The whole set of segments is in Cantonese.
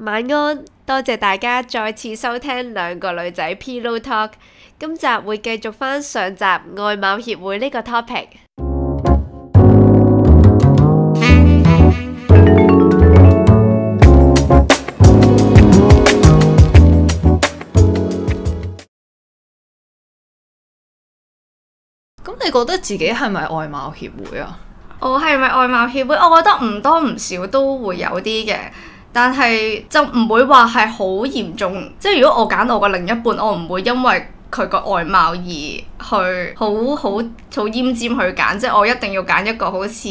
晚安，多謝大家再次收聽兩個女仔 Pillow Talk。今集會繼續翻上集外貌協會呢個 topic。咁你覺得自己係咪外貌協會啊？我係咪外貌協會？我覺得唔多唔少都會有啲嘅。但係就唔會話係好嚴重，即係如果我揀我個另一半，我唔會因為佢個外貌而去好好好奄尖去揀，即係我一定要揀一個好似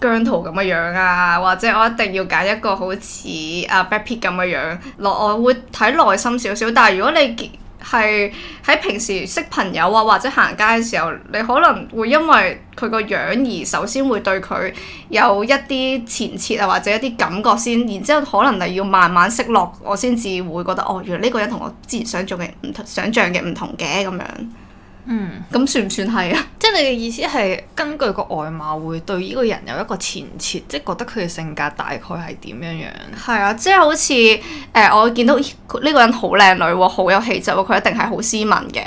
姜濤咁嘅樣啊，或者我一定要揀一個好似啊 Blackpink 咁嘅樣，內我會睇內心少少，但係如果你係喺平時識朋友啊，或者行街嘅時候，你可能會因為佢個樣而首先會對佢有一啲前設啊，或者一啲感覺先，然之後可能你要慢慢識落，我先至會覺得哦，原來呢個人同我之前想像嘅唔同想像嘅唔同嘅咁樣。嗯，咁算唔算係啊？即係你嘅意思係根據個外貌會對呢個人有一個前設，即係覺得佢嘅性格大概係點樣樣？係啊、嗯，即係好似誒、呃，我見到呢個人好靚女，哦，好有氣質，佢一定係好斯文嘅。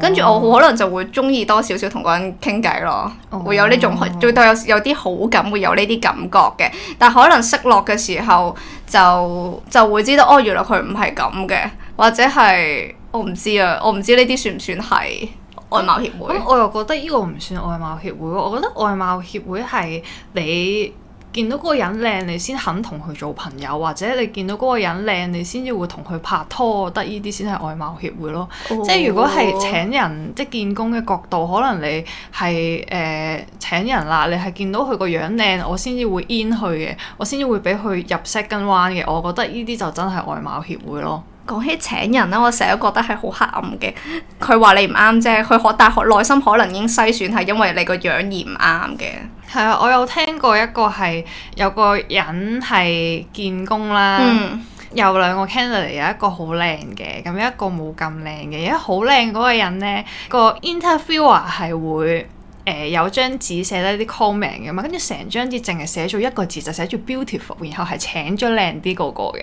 跟住、哦、我可能就會鍾意多少少同嗰人傾偈咯、哦會，會有呢種會對有有啲好感，會有呢啲感覺嘅。但可能識落嘅時候就就會知道，哦，原來佢唔係咁嘅，或者係。我唔知啊，我唔知呢啲算唔算係外貌協會。啊、我又覺得呢個唔算外貌協會，我覺得外貌協會係你見到嗰個人靚，你先肯同佢做朋友，或者你見到嗰個人靚，你先至會同佢拍拖。我覺得呢啲先係外貌協會咯。Oh. 即係如果係請人即見工嘅角度，可能你係誒、呃、請人啦，你係見到佢個樣靚，我先至會 in 佢嘅，我先至會俾佢入 second round 嘅。我覺得呢啲就真係外貌協會咯。講起請人啦，我成日都覺得係好黑暗嘅。佢話你唔啱啫，佢可大係內心可能已經篩選係因為你個樣而唔啱嘅。係啊，我有聽過一個係有個人係見工啦，嗯、有兩個 candidate，有一個好靚嘅，咁一個冇咁靚嘅。而好靚嗰個人呢，個 interviewer 係會。誒、呃、有張紙寫低啲 comment 嘅嘛，跟住成張紙淨係寫咗一個字，就寫住 beautiful，然後係請咗靚啲嗰個嘅。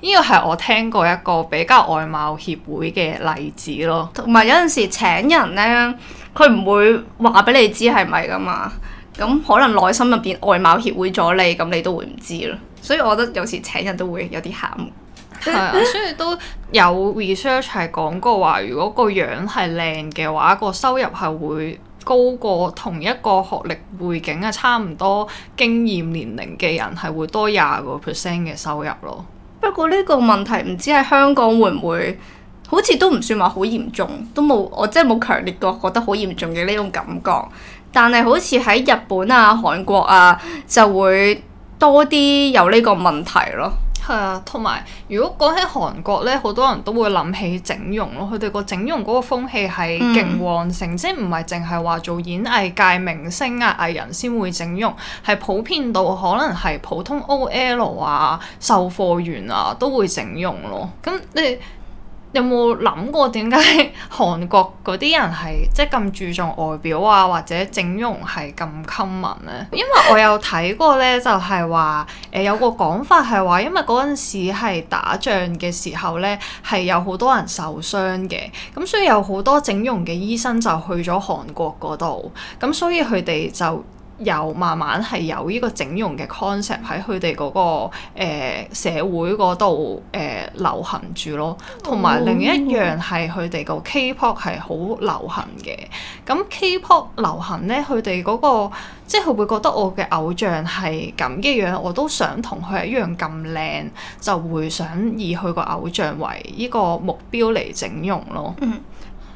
呢個係我聽過一個比較外貌協會嘅例子咯。同埋有陣時請人呢，佢唔會話俾你知係咪噶嘛。咁可能內心入邊外貌協會咗你，咁你都會唔知咯。所以我覺得有時請人都會有啲喊。係 啊，所以都有 research 係講過話，如果個樣係靚嘅話，個收入係會。高過同一個學歷背景啊，差唔多經驗年齡嘅人，係會多廿個 percent 嘅收入咯。不過呢個問題唔知喺香港會唔會，好似都唔算話好嚴重，都冇我即係冇強烈過覺得好嚴重嘅呢種感覺。但係好似喺日本啊、韓國啊，就會多啲有呢個問題咯。係啊，同埋如果講起韓國咧，好多人都會諗起整容咯。佢哋個整容嗰個風氣係勁旺盛，嗯、即係唔係淨係話做演藝界明星啊、藝人先會整容，係普遍到可能係普通 OL 啊、售貨員啊都會整容咯。咁你有冇諗過點解韓國嗰啲人係即係咁注重外表啊，或者整容係咁 common 呢？因為我有睇過呢，就係話誒有個講法係話，因為嗰陣時係打仗嘅時候呢，係有好多人受傷嘅，咁所以有好多整容嘅醫生就去咗韓國嗰度，咁所以佢哋就。又慢慢係有呢個整容嘅 concept 喺佢哋嗰個、呃、社會嗰度，誒流行住咯，同埋、哦、另一樣係佢哋個 K-pop 係好流行嘅。咁 K-pop 流行呢，佢哋嗰個即係佢會覺得我嘅偶像係咁嘅樣，我都想同佢一樣咁靚，就會想以佢個偶像為呢個目標嚟整容咯。嗯。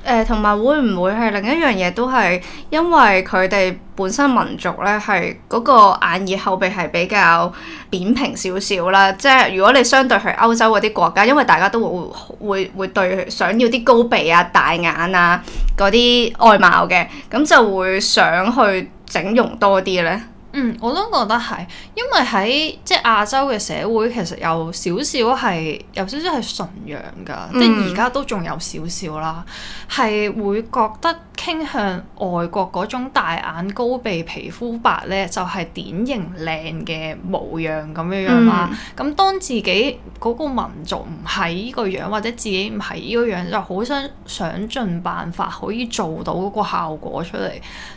誒同埋會唔會係另一樣嘢，都係因為佢哋本身民族咧，係嗰個眼耳口鼻係比較扁平少少啦，即係如果你相對去歐洲嗰啲國家，因為大家都會會會對想要啲高鼻啊大眼啊嗰啲外貌嘅，咁就會想去整容多啲咧。嗯，我都覺得係，因為喺即係亞洲嘅社會其實有少少係有少少係崇洋。㗎、嗯、即係而家都仲有少少啦，係會覺得傾向外國嗰種大眼高鼻皮膚白咧，就係、是、典型靚嘅模樣咁樣樣啦。咁、嗯、當自己個民族唔係呢個樣，或者自己唔係呢個樣，就好想想盡辦法可以做到個效果出嚟，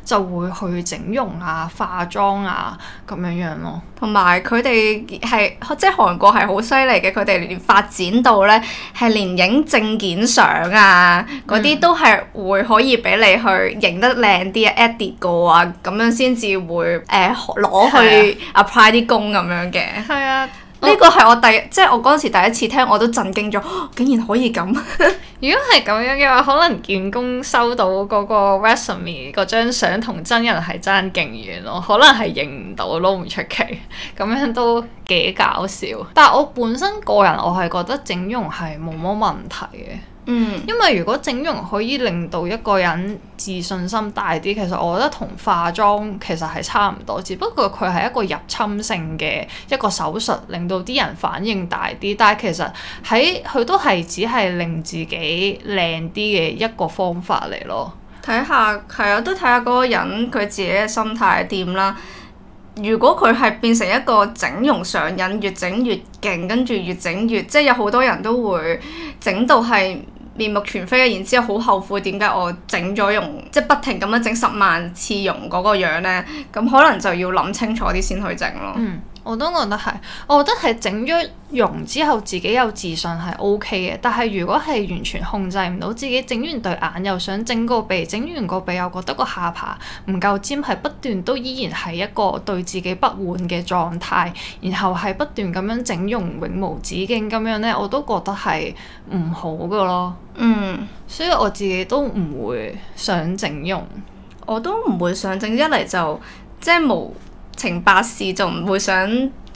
就會去整容啊、化妝啊。啊，咁樣樣咯，同埋佢哋係即係韓國係好犀利嘅，佢哋連發展到咧係連影證件相啊，嗰啲都係會可以俾你去影得靚啲、嗯、，edit 過啊，咁樣先至會誒攞、呃、去 apply 啲工咁樣嘅。係啊。 呢個係我第一，哦、即係我嗰陣時第一次聽，我都震驚咗、啊，竟然可以咁！ 如果係咁樣嘅話，可能見工收到嗰個 resume 嗰張相同真人係爭勁遠咯，可能係認唔到，都唔出奇。咁樣都幾搞笑。但係我本身個人，我係覺得整容係冇乜問題嘅。嗯，因為如果整容可以令到一個人自信心大啲，其實我覺得同化妝其實係差唔多，只不過佢係一個入侵性嘅一個手術，令到啲人反應大啲，但係其實喺佢都係只係令自己靚啲嘅一個方法嚟咯。睇下係啊，都睇下嗰個人佢自己嘅心態點啦。如果佢係變成一個整容上癮，越整越勁，跟住越整越，即係有好多人都會整到係面目全非啊！然之後好後悔，點解我整咗容，即係不停咁樣整十萬次容嗰個樣呢？咁可能就要諗清楚啲先去整咯。嗯我都覺得係，我覺得係整咗容之後自己有自信係 OK 嘅。但係如果係完全控制唔到自己，整完對眼又想整個鼻，整完個鼻又覺得個下巴唔夠尖，係不斷都依然係一個對自己不滿嘅狀態。然後係不斷咁樣整容，永無止境咁樣呢，我都覺得係唔好㗎囉。嗯，所以我自己都唔會想整容，我都唔會想整。一嚟就即係冇。情百事就唔會想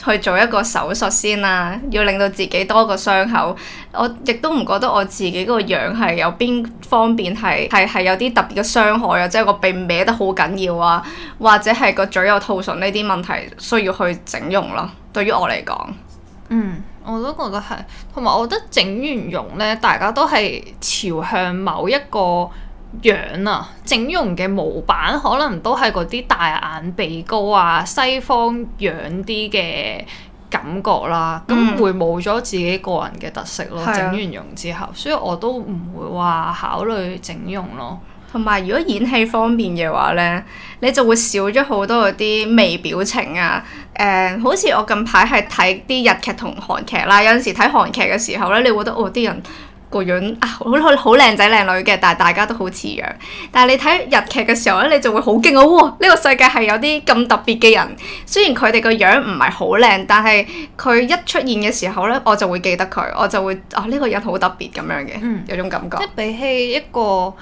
去做一個手術先啦、啊，要令到自己多個傷口。我亦都唔覺得我自己個樣係有邊方面，係係係有啲特別嘅傷害啊，即係個鼻歪得好緊要啊，或者係個嘴有兔唇呢啲問題需要去整容咯。對於我嚟講，嗯，我都覺得係，同埋我覺得整完容呢，大家都係朝向某一個樣啊，整容嘅模板可能都係嗰啲大眼鼻高啊，西方樣啲嘅感覺啦，咁、嗯、會冇咗自己個人嘅特色咯。啊、整完容之後，所以我都唔會話考慮整容咯。同埋如果演戲方面嘅話呢，你就會少咗好多嗰啲微表情啊。誒、呃，好似我近排係睇啲日劇同韓劇啦，有陣時睇韓劇嘅時候呢，你會覺得哦，啲人。個樣啊，好靚仔靚女嘅，但係大家都好似樣。但係你睇日劇嘅時候咧，你就會好驚啊！呢、這個世界係有啲咁特別嘅人，雖然佢哋個樣唔係好靚，但係佢一出現嘅時候咧，我就會記得佢，我就會啊呢、這個人好特別咁樣嘅，嗯、有種感覺。即係比起一個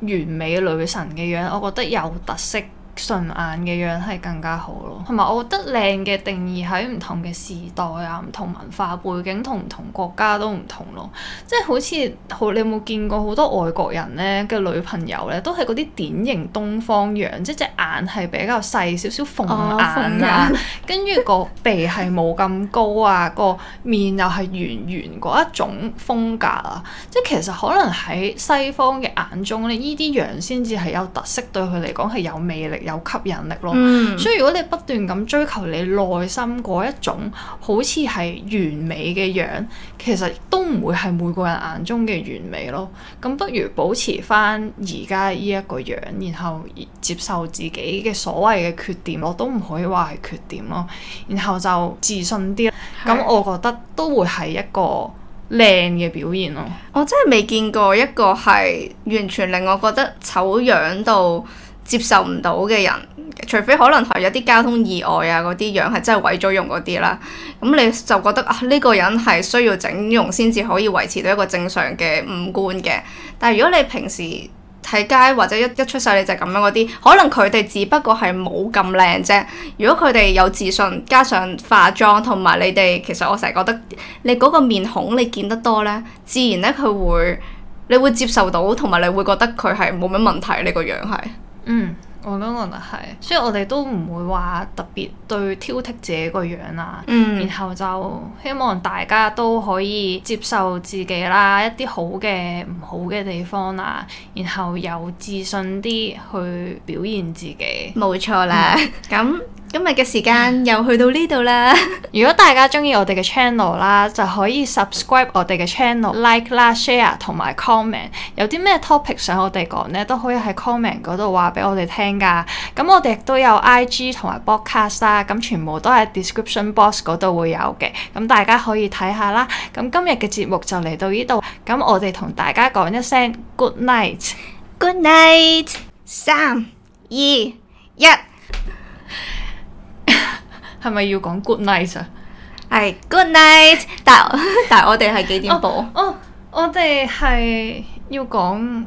完美女神嘅樣，我覺得有特色。順眼嘅樣係更加好咯，同埋我覺得靚嘅定義喺唔同嘅時代啊、唔同文化背景同唔同國家都唔同咯。即係好似好，你有冇見過好多外國人咧嘅女朋友咧，都係嗰啲典型東方樣，即係隻眼係比較細少少鳳眼啊，哦、鳳眼跟住個鼻係冇咁高啊，個 面又係圓圓嗰一種風格啊。即係其實可能喺西方嘅眼中咧，依啲樣先至係有特色，對佢嚟講係有魅力。有吸引力咯，嗯、所以如果你不斷咁追求你內心嗰一種好似係完美嘅樣，其實都唔會係每個人眼中嘅完美咯。咁不如保持返而家呢一個樣，然後接受自己嘅所謂嘅缺點咯，我都唔可以話係缺點咯。然後就自信啲，咁是我覺得都會係一個靚嘅表現咯。我真係未見過一個係完全令我覺得醜樣到接受唔到嘅人，除非可能係有啲交通意外啊，嗰啲樣係真係毀咗容嗰啲啦。咁你就覺得啊，呢個人係需要整容先至可以維持到一個正常嘅五官嘅。但係如果你平時喺街或者一一出世你就咁樣嗰啲，可能佢哋只不過係冇咁靚啫。如果佢哋有自信，加上化妝，同埋你哋，其實我成日覺得你嗰個面孔你見得多呢，自然呢，佢會你會接受到，同埋你會覺得佢係冇乜問題。呢個樣係。嗯，我都覺得係，所以我哋都唔會話特別對挑剔自己個樣啦。嗯，然後就希望大家都可以接受自己啦，一啲好嘅、唔好嘅地方啊，然後有自信啲去表現自己。冇錯啦，咁、嗯。 今日嘅時間又去到呢度啦！如果大家中意我哋嘅 channel 啦，就可以 subscribe 我哋嘅 channel、like 啦、share 同埋 comment。有啲咩 topic 想我哋講呢，都可以喺 comment 嗰度話俾我哋聽噶。咁我哋亦都有 IG 同埋 Podcast 啦，咁全部都係 description box 嗰度會有嘅。咁大家可以睇下啦。咁今日嘅節目就嚟到呢度。咁我哋同大家講一聲 good night。Good night，三、二、一。係咪要講 good night 啊？係 good night，但但係我哋係幾點播？哦，我哋係要講。